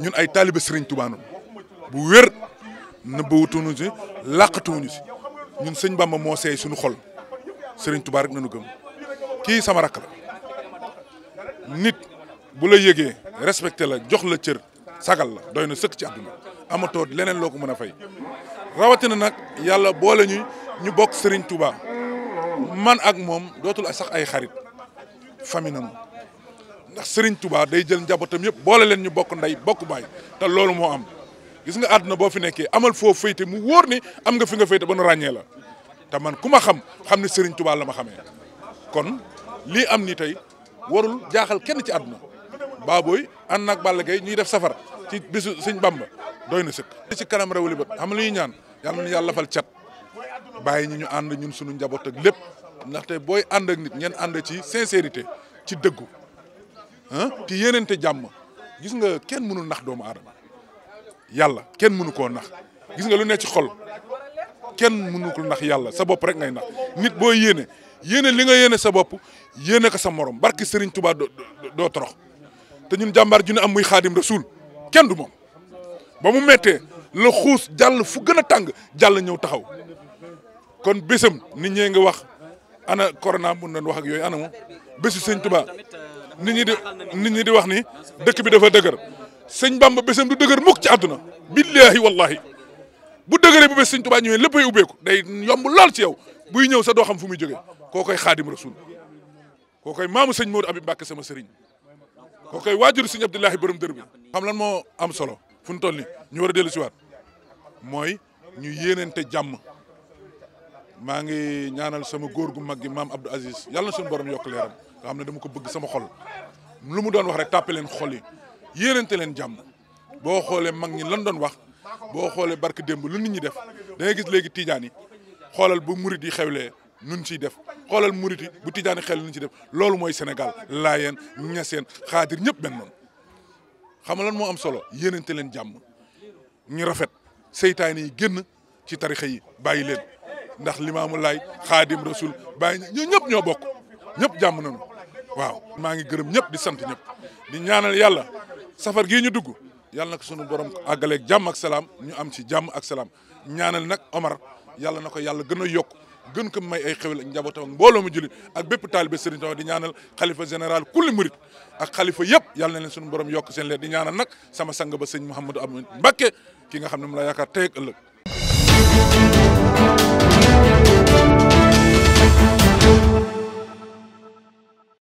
ñun ay taalibe Serigne Touba noonu bu wér nëbbawutuñu si làqatuwuñu si ñun sëñ Bamba moo seey suñu xol Serigne Touba rek nañu gëm kii sama rakk la nit bu la yégee respecté la jox la cër sagal la doy na sëkk ci àdduna amatoo leneen loo ko mën a fay rawatina nag yàlla boole ñu ñu bokk sëriñ Touba man ak moom dootul sax ay xarit famille nañu ndax Serigne Touba day jël njabootam yëpp boole leen ñu bokk nday bokk baay te loolu moo am gis nga àdduna boo fi nekkee amal foo féyte mu wóor ni am nga fi nga féyte ba ràññee la te man ku ma xam xam ne Serigne Touba la ma xamee kon lii am ni tey warul jaaxal kenn ci àdduna baabooy ànd naag Balla ñuy def safar ci bisu Sëñ Bamba doy na sëkk. ci kanam réew li bët xam lu ñuy ñaan yàlla na yàlla fal cat ñu ñu ànd ñun suñu njaboot ak lépp ndaxte booy ànd ak nit ngeen ànd ci sincérité ci dëggu. ah te yéenante jàmm gis nga kenn mënul nax doomu aadama yàlla kenn mënu koo nax gis nga lu ne ci xol kenn mënu ko nax yàlla sa bopp rek ngay nax nit boo yéene yéene li nga yéene sa bopp yéene ko sa morom barki Serigne Touba doo doo torox te ñun jàmbaar ju ne am muy xaadim rasul kenn du moom ba mu méttee la xuus jàll fu gën a tàng jàll ñëw taxaw kon bésam nit ñee nga wax. ana corona mun nañ wax ak yooyu ana moom bési sëñ Tuubaa nit ñi di nit ñi di wax ni dëkk bi dafa dëgër sëñ Bamba bésam du dëgër mukk ci àdduna billaahi wallahi bu dëgëree bu bés sëñ Tuubaa ñëwee léppay ubbeeku day yomb lool ci yow buy ñëw sa doo xam fu muy jógee koo koy xaadim rasul koo koy maamu sëñ Modou Habib Mbacké sama sëriñ koo koy waajur sëñ Abdoulahi borom dër bi xam lan moo am solo fu ñu toll ni ñu war a dellu siwaat mooy ñu yéenante jàmm maa ngi ñaanal sama góor gu mag gi maam Abdou Aziz yàlla na suñu borom yokk leeram xam ne dama ko bëgg sama xol lu mu doon wax rek tàppe leen xol yi yéenante leen jàmm boo xoolee mag ñi lan doon wax boo xoolee barke démb lu nit ñi def da gis léegi tijaan yi xoolal bu murit yi xewlee nun ciy def xoolal murit yi bu tijaan yi xewlee nun ciy def loolu mooy Sénégal laayeen ñaseen xaadir ñëpp benn noonu xam nga lan moo am solo yéenante leen jàmm ñu rafet seytaane yi génn ci tarixa yi bàyyi leen ndax limaamu laay xaadim rasul bàyyi ñu ñëpp ñoo bokk ñëpp jàmm nañu waaw. maa ngi gërëm ñëpp di sant ñëpp di ñaanal yàlla safar gii ñu dugg yàlla nag sunu borom àggaleeg jàmm ak salaam ñu am si jàmm ak salaam ñaanal nag Omar yàlla na ko yàlla gën a yokk gën ko may ay xewal ak njabootam ak mbooloo mu jullit ak bépp taalibe Serigne Touba di ñaanal kalifa général kulli murit ak xalifa yëpp yàlla na leen sunu borom yokk seen leer di ñaanal nag sama sang ba sëñ Mouhamadou Amine Mbacké ki nga xam ne mu la yaakaar tey ëllëg